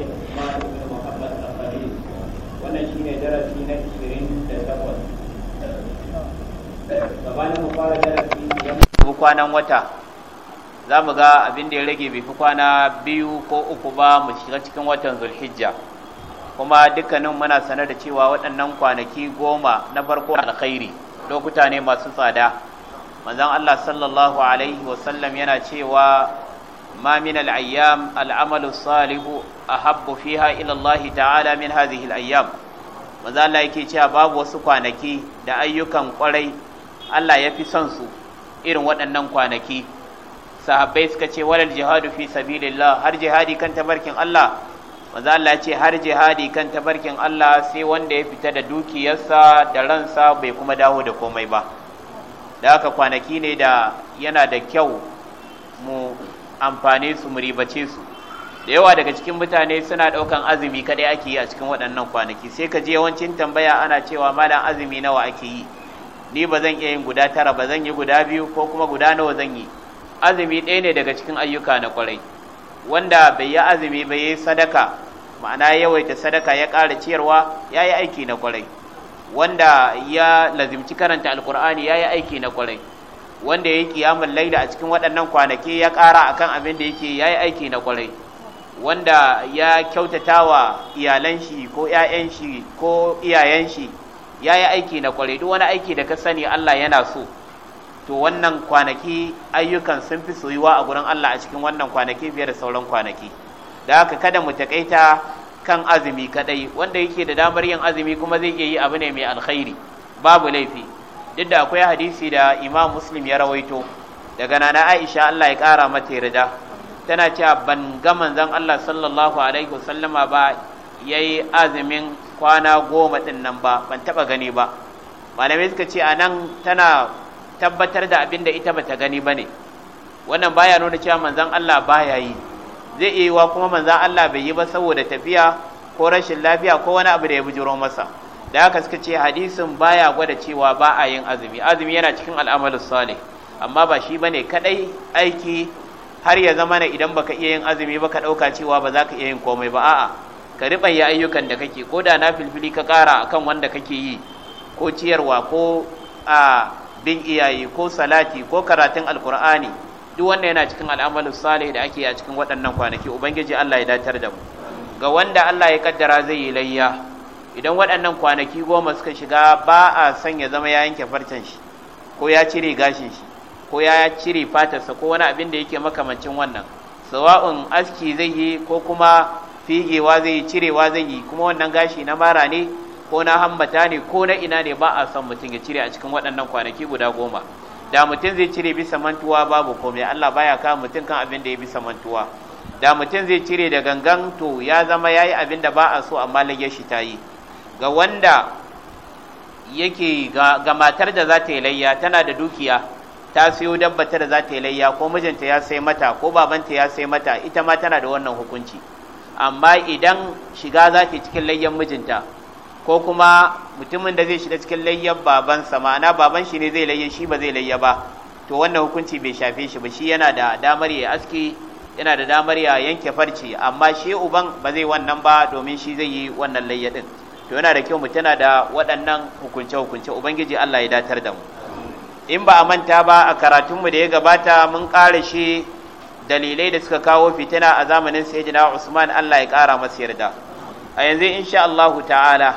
bin Usman bin Muhammad al-Khalil wannan shine darasi na 28 gabanin mu fara darasi kwanan wata za mu ga abin da ya rage bai fi kwana biyu ko uku ba mu shiga cikin watan zulhijja kuma dukkanin muna sanar da cewa waɗannan kwanaki goma na farko alkhairi lokuta ne masu tsada manzon Allah sallallahu alaihi wasallam yana cewa ما من الأيام العمل الصالح أحب فيها إلى الله تعالى من هذه الأيام maza Allah yake cewa babu wasu kwanaki da ayyukan kwarai Allah ya fi son su irin waɗannan kwanaki sahabbai suka ce walal jihadu fi sabilillah har jihadi kan tabarkin Allah maza Allah ce har jihadi kan tabarkin Allah sai wanda ya fita da dukiyarsa da ransa bai kuma dawo da komai ba da haka kwanaki ne da yana da kyau mu amfane su mu ribace su da yawa daga cikin mutane suna ɗaukan azumi kaɗai ake yi a cikin waɗannan kwanaki sai ka je yawancin tambaya ana cewa malam azumi nawa ake yi ni ba zan iya yin guda tara ba zan yi guda biyu ko kuma guda nawa zan yi azumi ɗaya ne daga cikin ayyuka na kwarai wanda bai yi azumi ba yi sadaka ma'ana yawaita sadaka ya ƙara ciyarwa ya yi aiki na ƙwarai wanda ya lazimci karanta alkur'ani ya yi aiki na kwarai wanda yake qiyamul laida a cikin waɗannan kwanaki ya ƙara akan abin da yake yayi aiki na kwarai wanda ya kyautata wa iyalan shi ko ƴaƴan shi ko iyayen shi yayi aiki na kwarai duk wani aiki da ka sani Allah yana so to wannan kwanaki ayyukan sun fi soyuwa a gurin Allah a cikin wannan kwanaki fiye da sauran kwanaki da haka kada mu takaita kan azumi kaɗai, wanda yake da damar yin azumi kuma zai iya yi abu ne mai alkhairi babu laifi duk da akwai hadisi da imam muslim ya rawaito daga nana aisha allah ya kara mata yarda tana cewa ban ga manzon allah sallallahu alaihi wasallama ba yayi azumin kwana goma din nan ba ban taba gani ba malamai suka ce a nan tana tabbatar da abin da ita bata gani ba ne wannan baya nuna cewa manzon allah baya yi zai iya yiwa kuma manzon allah bai yi ba saboda tafiya ko rashin lafiya ko wani abu da ya bujuro masa da haka suka ce hadisin baya gwada cewa ba a yin azumi azumi yana cikin al'amalin salih amma ba shi bane kadai aiki har ya zama ne idan baka iya yin azumi ba ka dauka cewa ba za ka iya yin komai ba a'a ka riba ya ayyukan da kake ko da na filfili ka kara akan wanda kake yi ko ciyarwa ko a bin iyaye ko salati ko karatun alkur'ani duk wanda yana cikin al'amalin salih da ake yi a cikin waɗannan kwanaki ubangiji Allah ya datar da mu ga wanda Allah ya kaddara zai yi layya idan waɗannan kwanaki goma suka shiga ba a son ya zama ya yanke farcen shi ko ya cire gashin shi ko ya cire fatarsa ko wani abin da yake makamancin wannan sawa'un aski zai yi ko kuma figewa zai yi cirewa zai yi kuma wannan gashi na mara ne ko na hambata ne ko na ina ne ba a son mutum ya cire a cikin waɗannan kwanaki guda goma da mutum zai cire bisa mantuwa babu komai Allah baya kama mutum kan abin da ya bisa mantuwa da mutum zai cire da gangan to ya zama ya yi abin da ba a so amma lagyar shi ta yi ga wanda yake ga matar da za ta yi layya tana da dukiya ta siyo dabbata da za ta yi layya ko mijinta ya sai mata ko babanta ya sai mata ita ma tana da wannan hukunci amma idan shiga za ta cikin layyan mijinta ko kuma mutumin da zai shiga cikin layyan babansa ma'ana baban shi ne zai layya shi ba zai layya ba to wannan hukunci bai shafe shi ba shi yana da damar ya aski yana da damar ya yanke farci amma shi uban ba zai wannan ba domin shi zai yi wannan layya din to yana da kyau mu tana da waɗannan hukunce-hukunce ubangiji Allah ya datar da mu in ba a manta ba a karatunmu da ya gabata mun ƙara shi dalilai da suka kawo fitina a zamanin sayyidina Usman Allah ya ƙara masa yarda a yanzu insha Allah ta'ala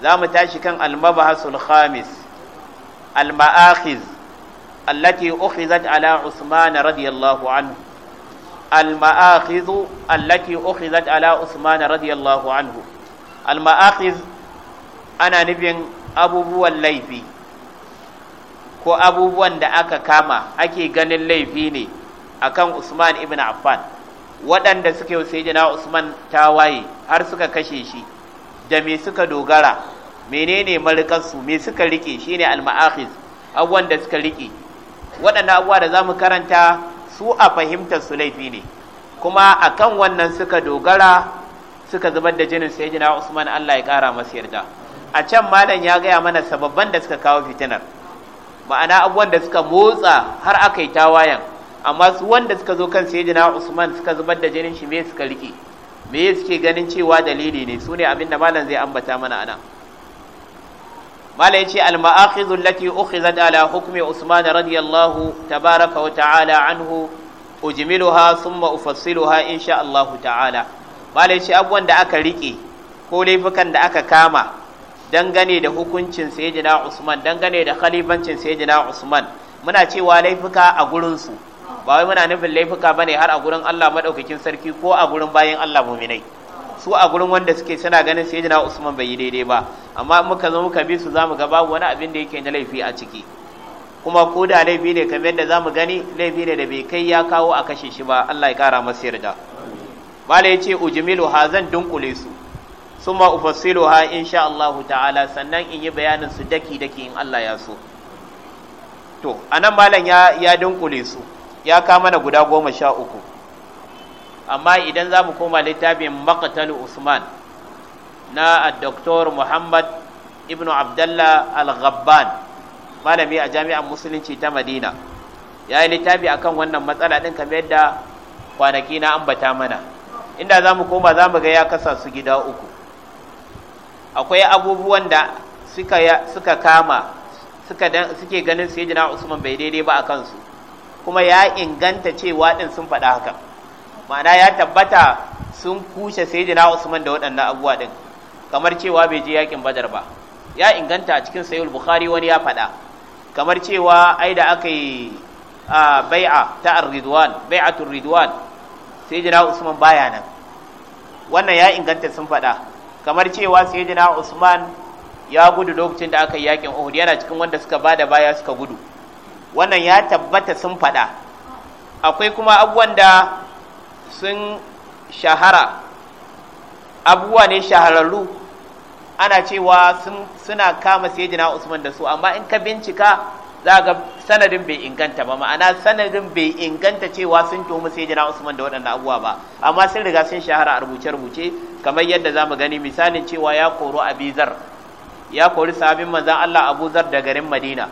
za mu tashi kan al-mabahasul khamis al-ma'akhiz allati ukhizat ala Usman radiyallahu anhu al-ma'akhiz allati ukhizat ala Usman radiyallahu anhu al ana nufin abubuwan laifi ko abubuwan da aka kama ake ganin laifi ne akan Usman ibn Affan waɗanda suka yi jina Usman ta waye har suka kashe shi da me suka dogara menene su me suka rike shine al-ma'akhiz abubuwan da suka rike waɗannan abubuwa da zamu karanta su a fahimtar su laifi ne kuma akan wannan suka dogara suka zubar da jinin jina Usman Allah ya kara masa yarda a can malam ya gaya mana sababban da suka kawo fitinar ma'ana abubuwan da suka motsa har aka yi tawayan amma su wanda suka zo kan jina Usman suka zubar da jinin shi me suka rike me suke ganin cewa dalili ne sune abin da malam zai ambata mana anan malam ce al ma'akhidhu allati ukhizat ala hukmi Usman radiyallahu tabaraka wa ta'ala anhu ujmiluha thumma ufassiluha insha Allah ta'ala malai shi abubuwan da aka riƙe ko laifukan da aka kama dangane da hukuncin sayyidina Usman dangane da khalifancin sayyidina Usman muna cewa laifuka a gurin ba wai muna nufin laifuka ne har a gurin Allah madaukakin sarki ko a gurin bayan Allah muminai su a gurin wanda suke suna ganin sayyidina Usman bai yi daidai ba amma muka zo muka bi su zamu ga babu wani abin da yake na laifi a ciki kuma ko da laifi ne kamar yadda zamu gani laifi ne da bai kai ya kawo a kashe shi ba Allah ya kara masa yarda malai ce, ujimilu ha zan dunkule su suma ufassilu ha insha Allah ta'ala sannan in yi bayanin su daki daki in Allah ya so to anan malam ya ya dunkule su ya ka mana guda goma sha uku amma idan za mu koma littafin Makatalu Usman na Dr. Muhammad ibn Abdallah Al-Ghabban malami a jami'ar musulunci ta Madina ya yi littafi akan wannan matsala ɗin kamar yadda kwanaki na ambata mana inda za mu koma za mu ga ya kasa su gida uku akwai abubuwan da suka kama suke ganin sayyidina usman bai daidai ba a kansu kuma ya inganta cewa din sun faɗa haka ma'ana ya tabbata sun kushe sayyidina usman da waɗannan abubuwa din kamar cewa bai je yakin badar ba ya inganta a cikin sayul bukhari wani ya faɗa kamar cewa ai da aka yi bai'a ta ar-ridwan bai'atul ridwan sayyidina usman baya nan wannan ya inganta sun faɗa kamar cewa sayyidina usman ya gudu lokacin da aka yi yakin uhud yana cikin wanda suka bada baya suka gudu wannan ya tabbata sun faɗa akwai kuma abubuwan da sun shahara abubuwa ne shahararru ana cewa suna kama sayyidina usman da su amma in ka bincika za ga sanadin bai inganta ba ma'ana sanadin bai inganta cewa sun tomu sai jina usman da waɗannan abubuwa ba amma sun riga sun shahara a rubuce-rubuce kamar yadda za mu gani misalin cewa ya koro abizar ya kori sabin manzan allah abuzar da garin madina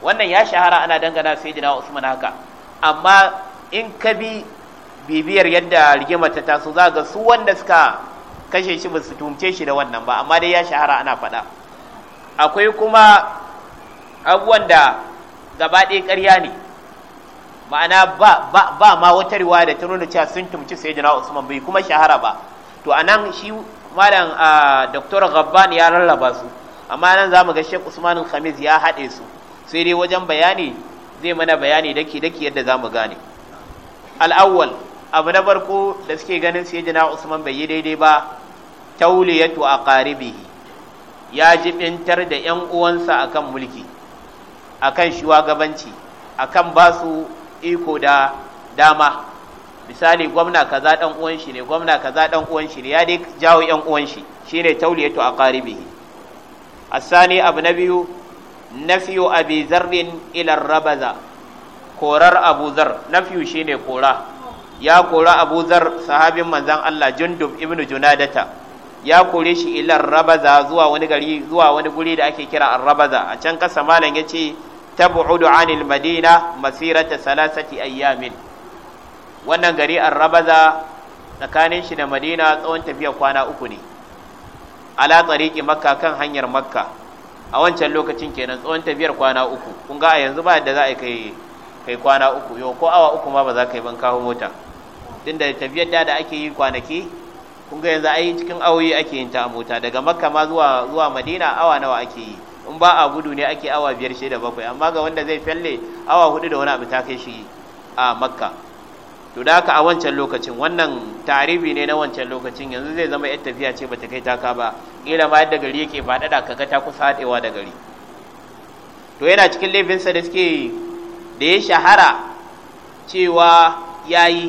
wannan ya shahara ana dangana sai jina usman haka amma in ka bi bibiyar yadda rigimar ta taso za ga su wanda suka kashe shi ba su tumce shi da wannan ba amma dai ya shahara ana faɗa akwai kuma abubuwan da gaba ɗaya ƙarya ne ma'ana ba ma wata riwa da ta nuna cewa sun tumci sayyidina Usman bai kuma shahara ba to a nan shi malam Dr. Gabban ya rarraba su amma nan za mu ga shek Usman Khamis ya haɗe su sai dai wajen bayani zai mana bayani daki daki yadda za mu gane Al'awwal, abu na farko da suke ganin sayyidina Usman bai yi daidai ba tauliyatu a aqaribihi ya jibintar da 'yan uwansa akan mulki akan shugabanci akan ba su iko da dama misali gwamna kaza ɗan uwan shi ne gwamna kaza ɗan uwan shi ne ya dai jawo yan uwan shi Shi ne shine tawliyatu A asani abu na biyu nafyu abi zarrin ilar rabaza korar abu zar shi ne kora ya kora abu zar sahabin manzon Allah jundub ibnu junadata ya kore shi ilar rabaza zuwa wani gari zuwa wani guri da ake kira arrabaza a can kasa malam ya ce. tab'udu anil madina masirata salasati ayyamin wannan gari arrabaza tsakanin shi da madina tsawon tafiya kwana uku ne ala tsariki makka kan hanyar makka a wancan lokacin kenan tsawon tafiyar kwana uku kun ga a yanzu ba yadda za a kai kai kwana uku yau ko awa uku ma ba za ka yi ban kawo mota din da tafiyar da da ake yi kwanaki kun ga yanzu ai cikin awoyi ake yin ta a mota daga makka ma zuwa zuwa madina awa nawa ake yi ba a gudu ne ake awa biyar shida bakwai amma ga wanda zai falle awa hudu da wani abu ta kai shi a makka to da haka a wancan lokacin wannan tarihi ne na wancan lokacin yanzu zai zama yadda tafiya ce bata kai taka ba kila ma yadda gari yake ba dada kaga ta kusa haɗewa da gari to yana cikin laifinsa da suke da ya shahara cewa yayi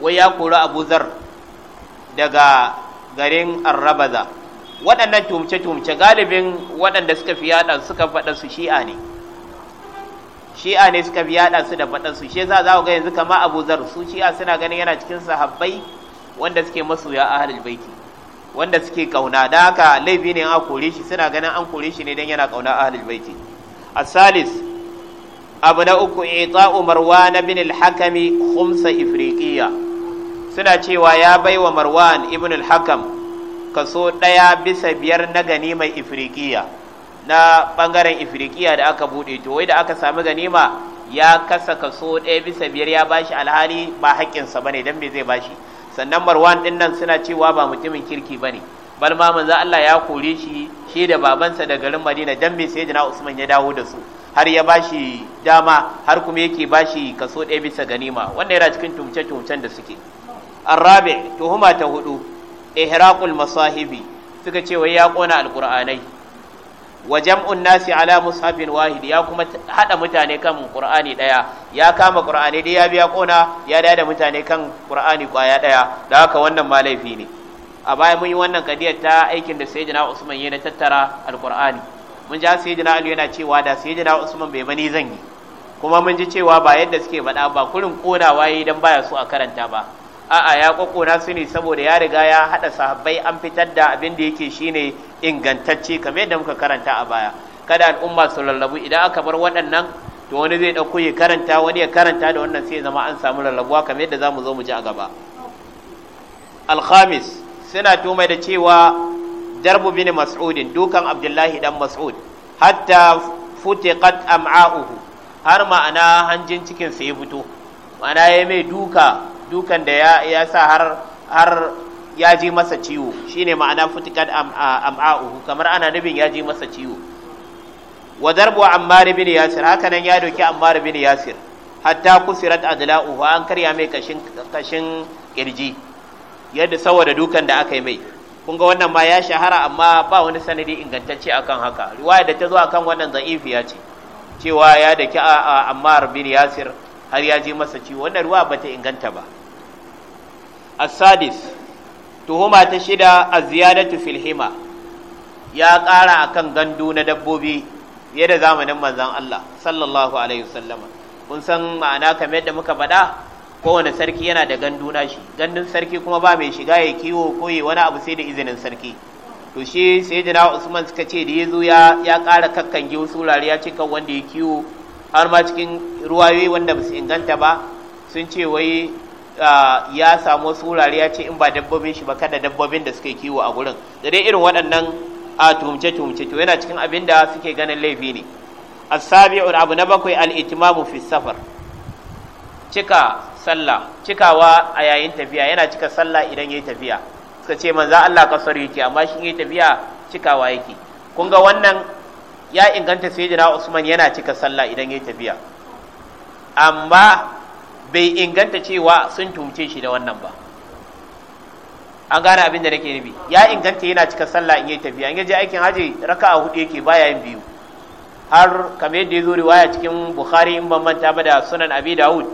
wai ya kori abu zar daga garin arrabaza waɗannan tumce-tumce galibin waɗanda suka fi yaɗa suka faɗa su shi'a ne shi'a ne suka fi yaɗa su da faɗa su shi za za ga yanzu kama abu zar su shi'a suna ganin yana cikin sahabbai wanda suke masoya ahlul baiti wanda suke kauna da haka laifi ne an kore shi suna ganin an kore shi ne don yana kauna ahlul baiti asalis abu na uku ita'u marwan bin al-hakami khumsa ifriqiya suna cewa ya baiwa marwan ibn al-hakam kaso ɗaya bisa biyar na mai ifirikiya na ɓangaren ifirikiya da aka buɗe to wai da aka sami ganima ya kasa kaso ɗaya bisa biyar ya bashi alhali ba haƙƙinsa ne don me zai bashi sannan marwan ɗin nan suna cewa ba mutumin kirki bane bal ma manzo Allah ya kore shi shi da babansa da garin Madina dan me na Usman ya dawo da su har ya bashi dama har kuma yake bashi kaso ɗaya bisa ganima wannan yana cikin tumce-tumcen da suke Arrabe tuhuma ta hudu ihraqul masahibi suka ce wai ya kona alqur'anai wa jam'un nasi ala mushafin wahid ya kuma hada mutane kan qur'ani daya ya kama qur'ani dai ya biya kona ya da da mutane kan qur'ani kwaya daya da haka wannan ma ne a baya mun yi wannan kadiyar ta aikin da sayyidina usman ya na tattara alqur'ani mun ja sayyidina ali yana cewa da sayyidina usman bai bani zan yi kuma mun ji cewa ba yadda suke faɗa ba kurin konawa yayi dan baya su a karanta ba a'a ya kokona su ne saboda ya riga ya hada sahabbai an fitar da abin da yake shine ingantacce kamar yadda muka karanta a baya kada al'umma su lallabu idan aka bar waɗannan to wani zai ɗauko ya karanta wani ya karanta da wannan sai zama an samu lallabuwa kamar yadda za mu zo mu ji a gaba alhamis suna tumai da cewa darbu bin mas'udin dukan abdullahi dan mas'ud hatta futiqat am'a'uhu har ma'ana hanjin cikin sa ya fito ma'ana ya mai duka dukan da ya sa har har ya ji masa ciwo shine ma'ana futikat am'a'uhu kamar ana nufin ya ji masa ciwo wa darbu ammar bin yasir haka nan ya doki ammar bin yasir hatta kusirat adla'uhu an karya mai kashin kashin kirji yadda saboda dukan da aka yi mai kun ga wannan ma ya shahara amma ba wani sanadi ingantacce akan haka riwaya da ta zo akan wannan ya ce cewa ya daki ammar bin yasir har ya ji masa ciwo wannan ruwa bata inganta ba asadis tuhuma ta shida a ziyadatu filhima ya ƙara akan gandu na dabbobi fiye da zamanin manzan Allah sallallahu kun san ma'ana kamar yadda muka faɗa kowane sarki yana da gandu na shi gandun sarki kuma ba mai shiga ya kiwo ko ya wani abu sai da izinin sarki to shi sai usman suka ce da ya ya ya ƙara kakkange wasu wurare ya ce kan wanda ya kiwo har ma cikin ruwayoyi wanda ba su inganta ba sun ce wai ya samu wasu wurare ya ce in ba dabbobin shi ba kada dabbobin da suke kiwo a gurin da dai irin waɗannan a tumce tumce to yana cikin abin da suke ganin laifi ne asabi'un abu na bakwai al-itimamu fi safar cika sallah cikawa a yayin tafiya yana cika sallah idan yayi tafiya suka ce manzo Allah kasar yake amma shi yayi tafiya cikawa yake kun ga wannan ya inganta sayyidina Usman yana cika sallah idan yayi tafiya amma bai inganta cewa sun tumce shi da wannan ba an gane abin da nake nufi ya inganta yana cika sallah in yi tafiya in yaje aikin haji raka'a hudu yake baya yin biyu har kamar yadda ya zo riwaya cikin bukhari in ban manta ba da sunan abi daud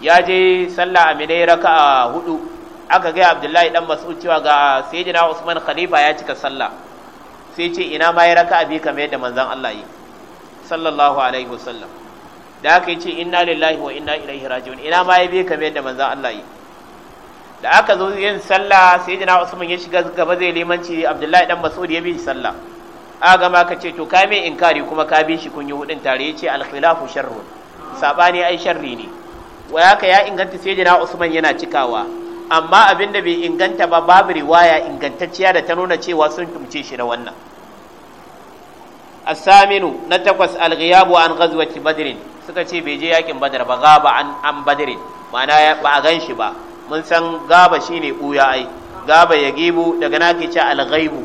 ya je sallah a raka'a hudu aka gaya abdullahi dan mas'ud cewa ga sayyidina usman khalifa ya cika sallah sai ce ina ma ya raka'a bi kamar yadda manzon Allah yi sallallahu alaihi wasallam da aka yi ce inna lillahi wa inna ilaihi raji'un ina ma ya bi kamar yadda manzon Allah yi da aka zo yin sallah sai jina Usman ya shiga gaba zai limanci Abdullahi dan Mas'ud ya bi sallah a gama ka ce to ka me inkari kuma ka bi shi kun yi hudin tare ya ce al-khilafu sharrun sabani ai sharri ne wa ka ya inganta sai jina Usman yana cikawa amma abin da bai inganta ba babu riwaya ingantacciya da ta nuna cewa sun tumce shi da wannan الثامن نتقص الغياب عن غزوة Badrin. suka ce bai je yakin badar ba gaba an an badirin ma'ana ba a gan shi ba mun san gaba shi shine ɓuya ai gaba ya gibu daga na ke ce alghaibu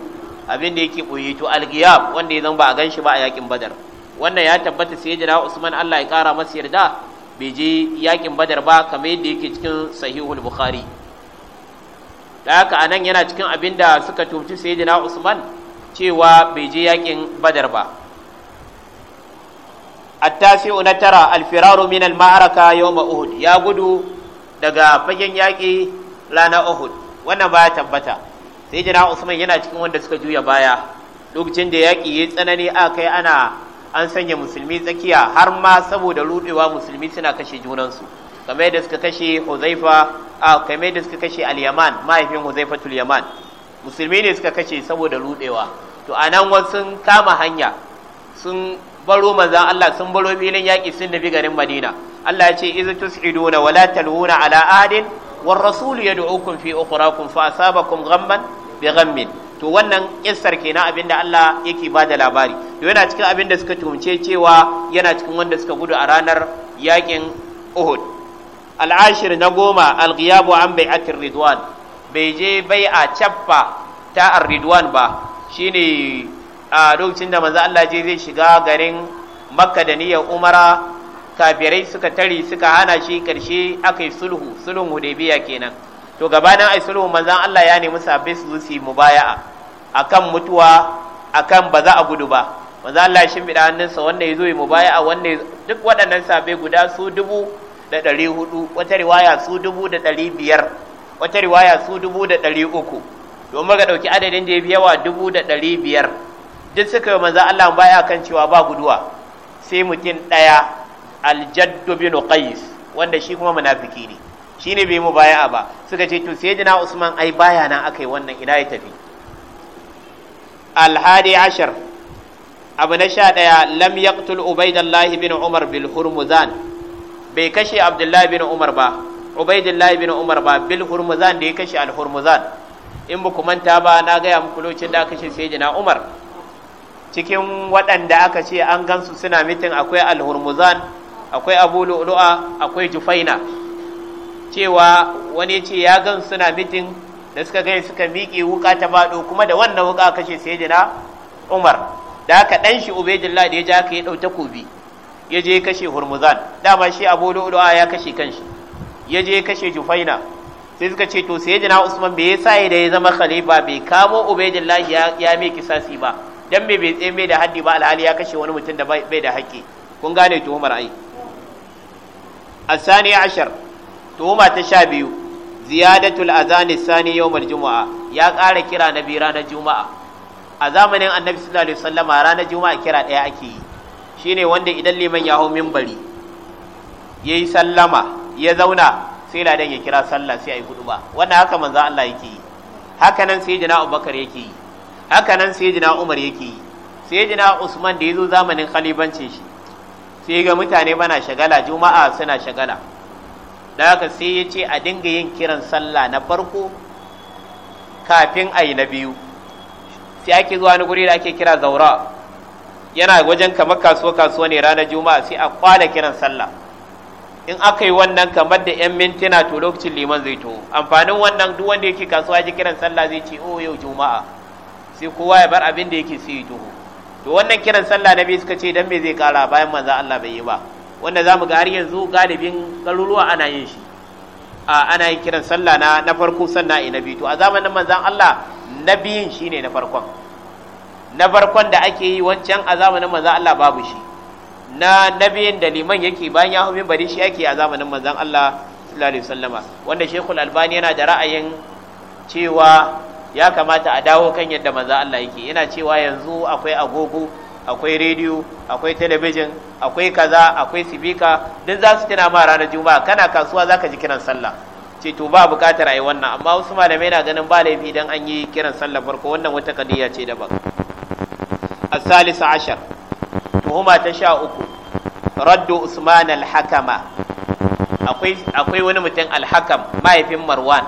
abin da yake ɓuyi to alghiyab wanda ya zan ba a gan shi ba a yakin badar wannan ya tabbata sai jira Usman Allah ya kara masa yarda bai je yakin badar ba kamar yadda yake cikin sahihul bukhari da haka anan yana cikin abin da suka tuci sai Usman cewa bai je yakin badar ba na التاسع نترى الفرار من المعركة يوم أهد يا قدو دقا فجن ياكي لانا أهد وانا tabbata. Sai سيدنا عثمان yana cikin wanda suka juya baya lokacin da yaki ya tsanani a-kai ana an sanya musulmi tsakiya har ma saboda rudewa musulmi suna kashe junansu kamar yadda suka kashe Huzaifa Al-Yaman mahaifin Huzaifatul Yaman musulmi ne suka kashe saboda rudewa to anan wasu kama hanya sun baro manzan Allah sun baro filin yaƙi sun nufi garin Madina Allah ya ce iz na wala talhuna ala adin war rasulu yad'ukum fi ukhrakum fa asabakum ghamman bi ghammin to wannan kissar kenan abinda Allah yake da labari to yana cikin abinda suka tumce cewa yana cikin wanda suka gudu a ranar yaƙin Uhud Al'ashir na goma al-ghiyabu an bai'atir ridwan bai je bai'a cappa ta ar-ridwan ba shine a lokacin da manzo Allah je zai shiga garin Makka da niyyar Umara kafirai suka tare suka hana shi karshe aka yi sulhu sulhun Hudaybiya kenan to gabanin ai sulhu manzo Allah ya nemi sahabbai su zo su mubaya'a akan mutuwa akan ba za a gudu ba manzo Allah bi da hannunsa wanda ya yi mubaya'a wanda duk waɗannan sahabbai guda su dubu da ɗari hudu wata riwaya su dubu da ɗari biyar wata riwaya su dubu da ɗari uku domin ga ɗauki adadin da ya fi yawa dubu da ɗari biyar duk suka yi manzan Allah baya kan cewa ba guduwa sai mutum ɗaya aljaddu bin qais wanda shi kuma munafiki ne shi ne bai mu baya ba suka ce to sai jina usman ai baya nan aka yi wannan ina ya tafi alhadi ashar abu na sha ɗaya lam yaqtul ubaidallahi bin umar bil hurmuzan bai kashe abdullahi bin umar ba ubaidallahi bin umar ba bil hurmuzan da ya kashe alhurmuzan in ba ku manta ba na gaya muku lokacin da kashe sai jina umar cikin waɗanda aka ce an gansu suna mitin akwai alhurmuzan akwai abu lu'lu'a akwai jufaina cewa wani ce ya gan suna mitin da suka gani suka miƙe wuka ta baɗo kuma da wannan wuka sai jina umar da aka ɗan shi ubaidillah da ya ja ka yi ɗau takobi ya je kashe hurmuzan dama shi abu lu'lu'a ya kashe kanshi ya je kashe jufaina sai suka ce to jina usman bai ya da ya zama khalifa bai kamo ubaidillah ya ya mai sasi ba dan me bai tsaye da haddi ba alhali ya kashe wani mutum da bai da haƙƙi kun gane tuhumar ai asani ashar tuhuma ta sha biyu ziyadatul azani sani yawmal juma'a ya ƙara kira na biyu ranar juma'a a zamanin annabi sallallahu alaihi wasallama ranar juma'a kira ɗaya ake yi shine wanda idan liman ya hau minbari yayi sallama ya zauna sai ladan ya kira sallah sai ayi hudu ba wannan haka manzo Allah yake yi haka nan sai jina Abubakar yake yi haka nan sai jina Umar yake yi Sai jina Usman da ya zo zamanin khalibanci shi sai ga mutane bana shagala juma'a suna shagala da haka sai ya ce a dinga yin kiran sallah na farko kafin a yi na biyu sai ake zuwa na guri da ake kira zaura yana wajen kamar kasuwa kasuwa ne ranar juma'a sai a kwala kiran sallah in aka yi wannan kamar da 'yan mintuna to lokacin liman zai to amfanin wannan duk wanda yake kasuwa ji kiran sallah zai ce o oh, yau juma'a sai kowa ya bar abin da yake sai ya to wannan kiran sallah na biyu suka ce dan me zai kara bayan manzo Allah bai yi ba wanda zamu ga har yanzu galibin garuruwa ana yin shi a ana yin kiran sallah na na farko sannan ai biyu to a zamanin manzon Allah na shine na farkon na farkon da ake yi wancan a zamanin manzon Allah babu shi na nabiyin da liman yake bayan ya humin bari shi yake a zamanin manzon Allah sallallahu alaihi wasallama wanda Sheikhul Albani yana da ra'ayin cewa ya kamata a dawo kan yadda manzo Allah yake yana cewa yanzu akwai agogo akwai rediyo akwai talabijin akwai kaza akwai sibika duk za su tana ma ranar juma'a kana kasuwa zaka ji kiran sallah ce to ba bukatar ai wannan amma wasu malamai na ganin ba laifi dan an yi kiran sallah farko wannan wata kadiya ce daban الثالث ashar tuhuma ta sha uku raddu usman al-hakama akwai wani mutum al-hakam mahaifin marwan